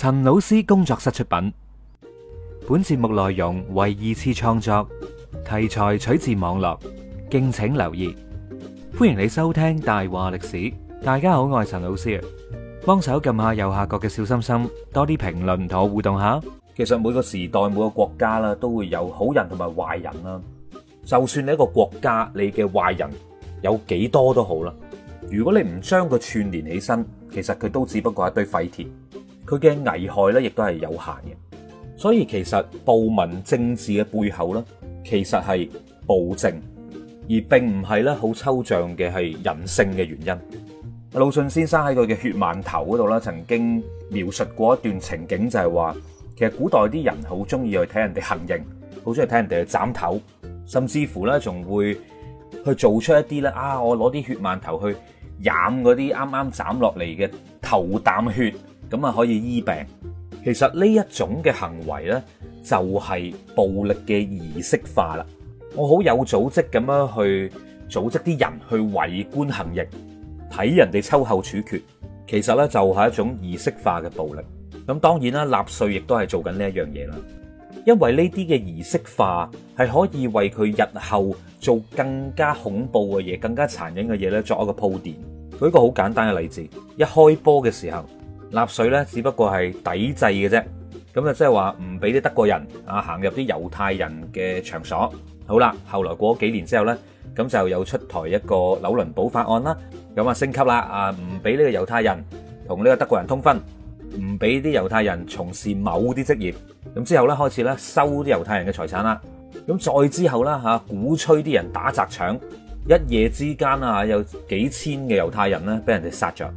陳老師工作室出品，本節目內容為二次創作，題材取自網絡，敬請留意。歡迎你收聽大話歷史。大家好，我係陳老師，幫手撳下右下角嘅小心心，多啲評論同我互動下。其實每個時代、每個國家啦，都會有好人同埋壞人啦。就算你一個國家，你嘅壞人有幾多都好啦。如果你唔將佢串聯起身，其實佢都只不過係一堆廢鐵。佢嘅危害呢亦都係有限嘅，所以其實暴民政治嘅背後呢，其實係暴政，而並唔係呢好抽象嘅係人性嘅原因。魯迅先生喺佢嘅血饅頭嗰度呢，曾經描述過一段情景就是說，就係話其實古代啲人好中意去睇人哋行刑，好中意睇人哋去斬頭，甚至乎呢仲會去做出一啲呢啊，我攞啲血饅頭去飲嗰啲啱啱斬落嚟嘅頭啖血。咁啊，就可以醫病。其實呢一種嘅行為呢，就係暴力嘅儀式化啦。我好有組織咁樣去組織啲人去圍觀行刑，睇人哋秋後處決。其實呢，就係一種儀式化嘅暴力。咁當然啦，納粹亦都係做緊呢一樣嘢啦。因為呢啲嘅儀式化係可以為佢日後做更加恐怖嘅嘢，更加殘忍嘅嘢呢作一個鋪墊。舉一個好簡單嘅例子，一開波嘅時候。納粹咧，只不過係抵制嘅啫。咁啊，即係話唔俾啲德國人啊行入啲猶太人嘅場所。好啦，後來過幾年之後呢，咁就有出台一個紐倫堡法案啦。咁啊，升級啦，啊唔俾呢個猶太人同呢個德國人通婚，唔俾啲猶太人從事某啲職業。咁之後呢，開始呢收啲猶太人嘅財產啦。咁再之後呢，嚇，鼓吹啲人打砸搶，一夜之間啊，有幾千嘅猶太人呢，俾人哋殺着。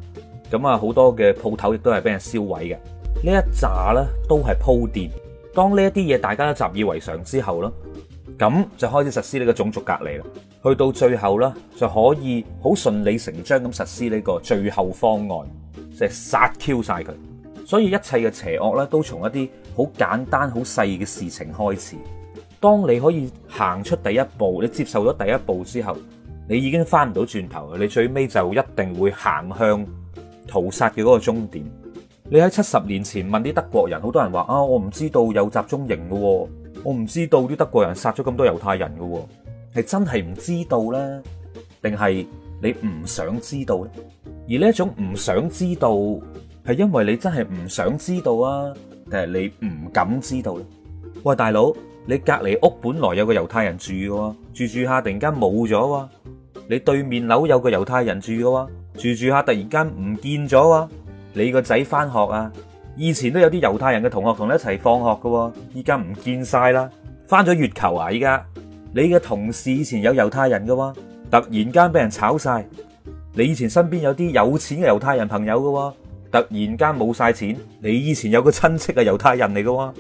咁啊，好多嘅鋪頭亦都係俾人燒毀嘅。呢一紮呢，都係鋪墊。當呢一啲嘢大家都習以為常之後啦，咁就開始實施呢個種族隔離啦。去到最後呢，就可以好順理成章咁實施呢個最後方案，即係殺 Q 晒佢。所以一切嘅邪惡呢，都從一啲好簡單好細嘅事情開始。當你可以行出第一步，你接受咗第一步之後，你已經翻唔到轉頭了，你最尾就一定會行向。屠殺嘅嗰個終點，你喺七十年前問啲德國人，好多人話啊，我唔知道有集中營嘅喎，我唔知道啲德國人殺咗咁多猶太人嘅喎，係真係唔知道呢？定係你唔想知道呢？而呢種唔想知道，係因為你真係唔想知道啊，定係你唔敢知道呢？喂，大佬，你隔離屋本來有個猶太人住嘅喎，住住下突然間冇咗喎，你對面樓有個猶太人住嘅喎。住住下突然間唔見咗喎。你個仔翻學啊，以前都有啲猶太人嘅同學同你一齊放學噶，依家唔見晒啦，翻咗月球啊！依家你嘅同事以前有猶太人喎，突然間俾人炒晒。你以前身邊有啲有錢嘅猶太人朋友喎，突然間冇晒錢。你以前有個親戚係猶太人嚟喎，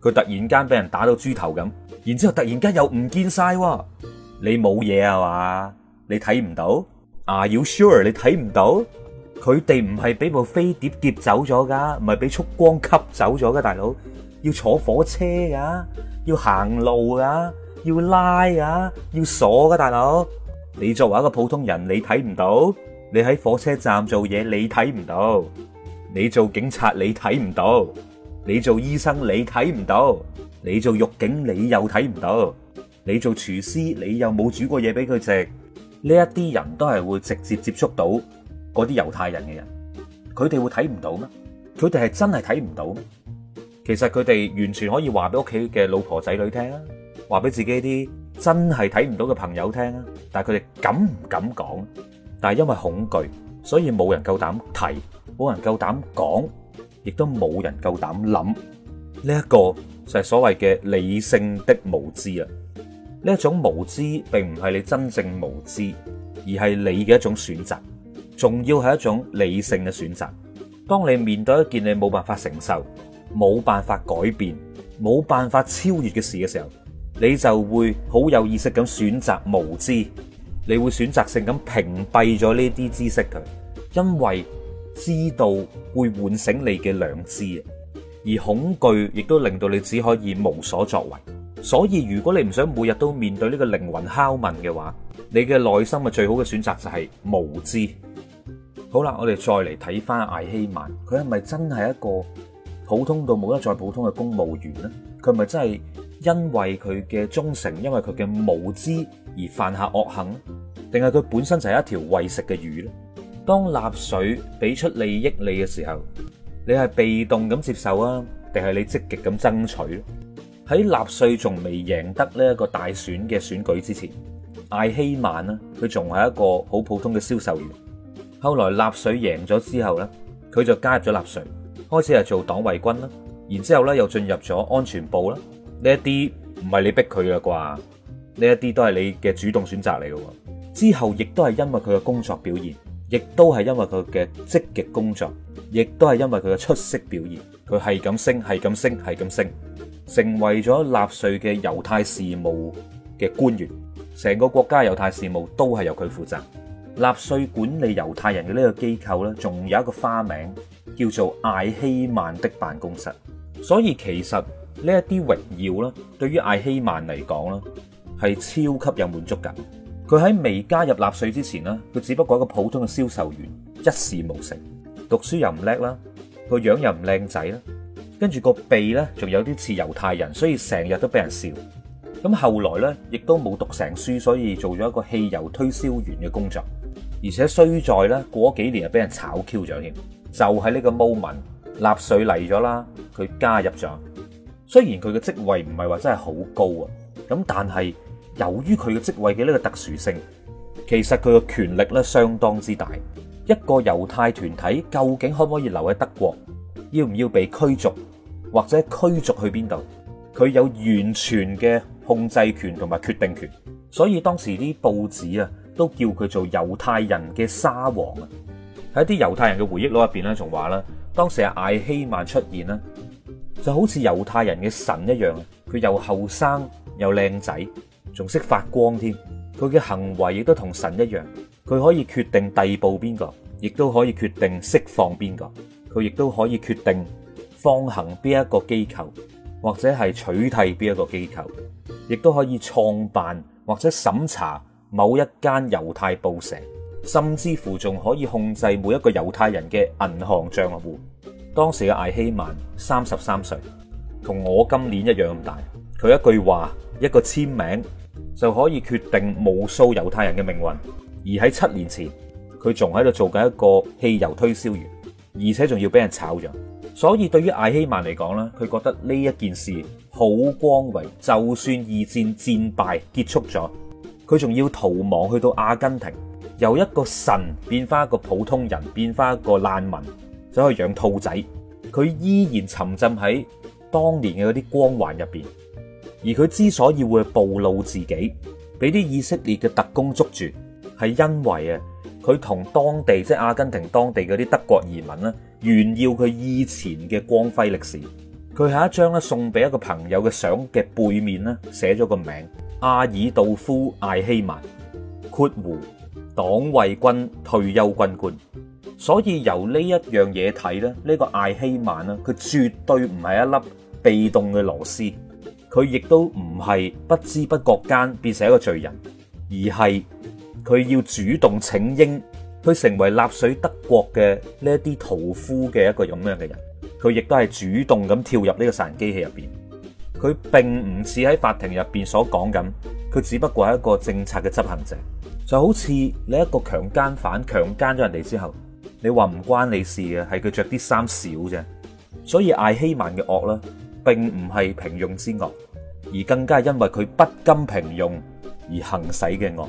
佢突然間俾人打到豬頭咁，然之後突然間又唔見晒。你冇嘢呀嘛？你睇唔到？Are you sure? 你睇唔到？佢哋唔係俾部飛碟劫走咗噶唔係俾束光吸走咗㗎大佬。要坐火車噶，要行路㗎，要拉㗎，要鎖噶，大佬。你作為一個普通人，你睇唔到？你喺火車站做嘢，你睇唔到？你做警察，你睇唔到？你做醫生，你睇唔到？你做獄警，你又睇唔到？你做廚師，你又冇煮過嘢俾佢食？呢一啲人都係會直接接觸到嗰啲猶太人嘅人，佢哋會睇唔到咩？佢哋係真係睇唔到咩？其實佢哋完全可以話俾屋企嘅老婆仔女聽啊，話俾自己啲真係睇唔到嘅朋友聽啊，但係佢哋敢唔敢講？但係因為恐懼，所以冇人夠膽提，冇人夠膽講，亦都冇人夠膽諗。呢一個就係所謂嘅理性的無知啊！呢種無知並唔係你真正無知，而係你嘅一種選擇，仲要係一種理性嘅選擇。當你面對一件你冇辦法承受、冇辦法改變、冇辦法超越嘅事嘅時候，你就會好有意識咁選擇無知，你會選擇性咁屏蔽咗呢啲知識佢，因為知道會喚醒你嘅良知，而恐懼亦都令到你只可以無所作為。所以，如果你唔想每日都面對呢個靈魂拷問嘅話，你嘅內心嘅最好嘅選擇就係無知。好啦，我哋再嚟睇翻艾希曼，佢係咪真係一個普通到冇得再普通嘅公務員呢？佢係咪真係因為佢嘅忠誠，因為佢嘅無知而犯下惡行，定係佢本身就係一條為食嘅魚呢？當納粹俾出利益你嘅時候，你係被動咁接受啊，定係你積極咁爭取啊？喺納粹仲未贏得呢一個大選嘅選舉之前，艾希曼呢，佢仲係一個好普通嘅銷售員。後來納粹贏咗之後呢，佢就加入咗納粹，開始係做黨衛軍啦。然之後呢，又進入咗安全部啦。呢一啲唔係你逼佢嘅啩，呢一啲都係你嘅主動選擇嚟嘅。之後亦都係因為佢嘅工作表現，亦都係因為佢嘅積極工作，亦都係因為佢嘅出色表現，佢係咁升，係咁升，係咁升。成為咗納粹嘅猶太事務嘅官員，成個國家猶太事務都係由佢負責。納粹管理猶太人嘅呢個機構呢，仲有一個花名叫做艾希曼的辦公室。所以其實呢一啲榮耀呢，對於艾希曼嚟講呢，係超級有滿足感。佢喺未加入納粹之前呢，佢只不過一個普通嘅銷售員，一事無成，讀書又唔叻啦，個樣又唔靚仔啦。跟住個鼻呢，仲有啲似猶太人，所以成日都俾人笑。咁後來呢，亦都冇讀成書，所以做咗一個汽油推銷員嘅工作。而且衰在呢，嗰幾幾年，又俾人炒 Q 咗添。就喺、是、呢個 moment 納粹嚟咗啦，佢加入咗。雖然佢嘅職位唔係話真係好高啊，咁但係由於佢嘅職位嘅呢個特殊性，其實佢嘅權力呢相當之大。一個猶太團體究竟可唔可以留喺德國？要唔要被驅逐，或者驅逐去邊度？佢有完全嘅控制權同埋決定權，所以當時啲報紙啊，都叫佢做猶太人嘅沙皇啊。喺一啲猶太人嘅回憶錄入邊咧，仲話啦，當時阿艾希曼出現啦，就好似猶太人嘅神一樣，佢又後生又靚仔，仲識發光添。佢嘅行為亦都同神一樣，佢可以決定逮捕邊個，亦都可以決定釋放邊個。佢亦都可以決定放行邊一個機構，或者係取締邊一個機構，亦都可以創辦或者審查某一間猶太報社，甚至乎仲可以控制每一個猶太人嘅銀行帳戶。當時嘅艾希曼三十三歲，同我今年一樣咁大。佢一句話，一個簽名就可以決定無數猶太人嘅命運，而喺七年前，佢仲喺度做緊一個汽油推銷員。而且仲要俾人炒咗，所以對於艾希曼嚟講呢，佢覺得呢一件事好光榮。就算二戰戰敗結束咗，佢仲要逃亡去到阿根廷，由一個神變返一個普通人，變返一個難民，走去養兔仔，佢依然沉浸喺當年嘅嗰啲光環入邊。而佢之所以會暴露自己，俾啲以色列嘅特工捉住，係因為啊。佢同當地即係阿根廷當地嗰啲德國移民呢，炫耀佢以前嘅光輝歷史。佢下一張咧送俾一個朋友嘅相嘅背面呢，寫咗個名：阿爾道夫艾希曼。括弧黨衛軍退休軍官。所以由呢一樣嘢睇咧，呢個艾希曼呢，佢絕對唔係一粒被動嘅螺絲，佢亦都唔係不知不覺間變成一個罪人，而係。佢要主動請纓，佢成為納粹德國嘅呢一啲屠夫嘅一個咁樣嘅人。佢亦都係主動咁跳入呢個殺人機器入邊。佢並唔似喺法庭入邊所講咁，佢只不過係一個政策嘅執行者，就好似你一個強姦犯強姦咗人哋之後，你話唔關你事嘅，係佢着啲衫少啫。所以艾希曼嘅惡咧，並唔係平庸之惡，而更加係因為佢不甘平庸而行使嘅惡。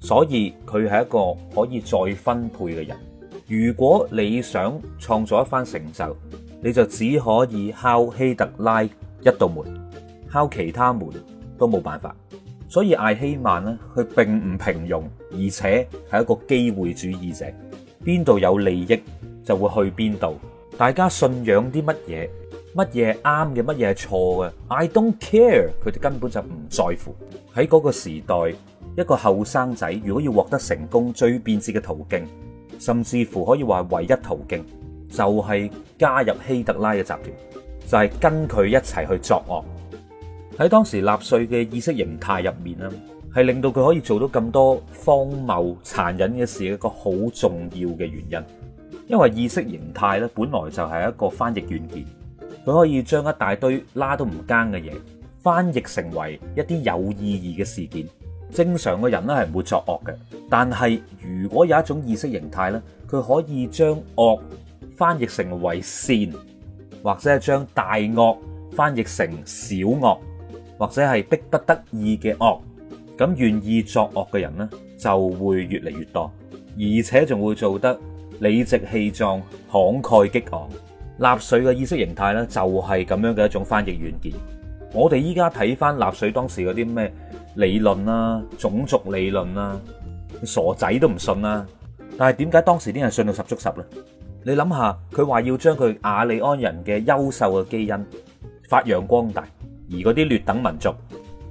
所以佢係一個可以再分配嘅人。如果你想創造一番成就，你就只可以敲希特拉一道門，敲其他門都冇辦法。所以艾希曼呢，佢並唔平庸，而且係一個機會主義者。邊度有利益就會去邊度。大家信仰啲乜嘢，乜嘢啱嘅，乜嘢係錯嘅，I don't care，佢哋根本就唔在乎。喺嗰個時代。一個後生仔如果要獲得成功，最便捷嘅途徑，甚至乎可以話唯一途徑，就係加入希特拉嘅集團，就係跟佢一齊去作惡。喺當時納粹嘅意識形態入面啦，係令到佢可以做到咁多荒謬殘忍嘅事一個好重要嘅原因。因為意識形態咧本來就係一個翻譯軟件，佢可以將一大堆拉都唔奸嘅嘢翻譯成為一啲有意義嘅事件。正常嘅人咧係唔會作惡嘅，但係如果有一種意識形態呢，佢可以將惡翻譯成為善，或者係將大惡翻譯成小惡，或者係迫不得已嘅惡，咁願意作惡嘅人呢，就會越嚟越多，而且仲會做得理直氣壯、慷慨激昂。納粹嘅意識形態呢，就係咁樣嘅一種翻譯軟件。我哋依家睇翻納粹當時嗰啲咩？理論啦，種族理論啦，傻仔都唔信啦。但係點解當時啲人信到十足十呢？你諗下，佢話要將佢亞利安人嘅優秀嘅基因發揚光大，而嗰啲劣等民族，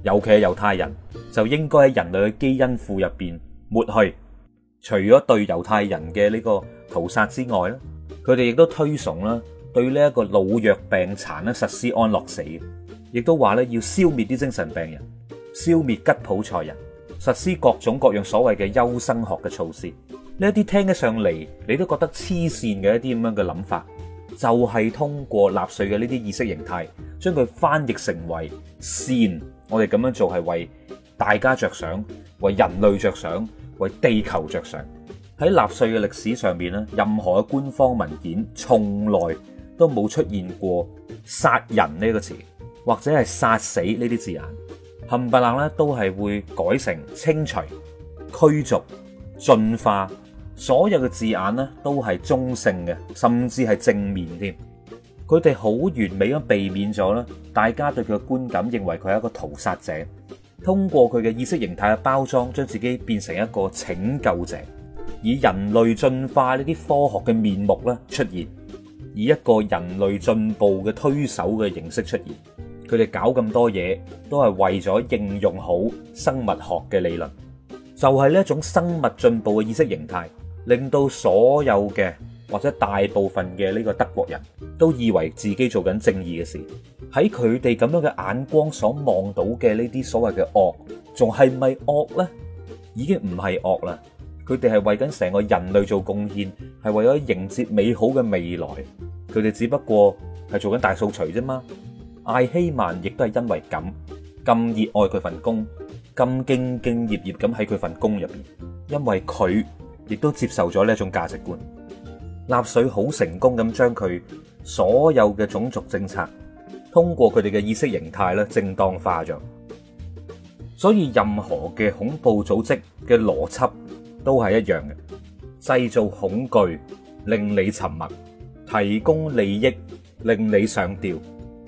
尤其係猶太人，就應該喺人類嘅基因庫入邊抹去。除咗對猶太人嘅呢個屠殺之外咧，佢哋亦都推崇啦，對呢一個老弱病殘咧實施安樂死，亦都話咧要消滅啲精神病人。消滅吉普賽人，實施各種各樣所謂嘅優生學嘅措施，呢一啲聽起上嚟，你都覺得黐線嘅一啲咁樣嘅諗法，就係、是、通過納粹嘅呢啲意識形態，將佢翻譯成為善。我哋咁樣做係為大家着想，為人類着想，為地球着想。喺納粹嘅歷史上邊咧，任何嘅官方文件從來都冇出現過殺人呢個詞，或者係殺死呢啲字眼。冚唪唥咧都係會改成清除、驅逐、進化，所有嘅字眼呢都係中性嘅，甚至係正面添。佢哋好完美咁避免咗咧，大家對佢嘅觀感認為佢係一個屠殺者。通過佢嘅意識形態嘅包裝，將自己變成一個拯救者，以人類進化呢啲科學嘅面目咧出現，以一個人類進步嘅推手嘅形式出現。佢哋搞咁多嘢，都係為咗應用好生物學嘅理論，就係呢一種生物進步嘅意識形態，令到所有嘅或者大部分嘅呢個德國人都以為自己做緊正義嘅事。喺佢哋咁樣嘅眼光所望到嘅呢啲所謂嘅惡，仲係咪惡咧？已經唔係惡啦。佢哋係為緊成個人類做貢獻，係為咗迎接美好嘅未來。佢哋只不過係做緊大掃除啫嘛。艾希曼亦都係因為咁，咁熱愛佢份工，咁兢兢業業咁喺佢份工入邊，因為佢亦都接受咗呢一種價值觀。納粹好成功咁將佢所有嘅種族政策通過佢哋嘅意識形態咧，正當化咗。所以任何嘅恐怖組織嘅邏輯都係一樣嘅，製造恐懼令你沉默，提供利益令你上釣。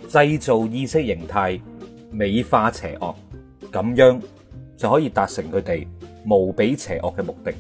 製造意識形態，美化邪惡，咁樣就可以達成佢哋無比邪惡嘅目的。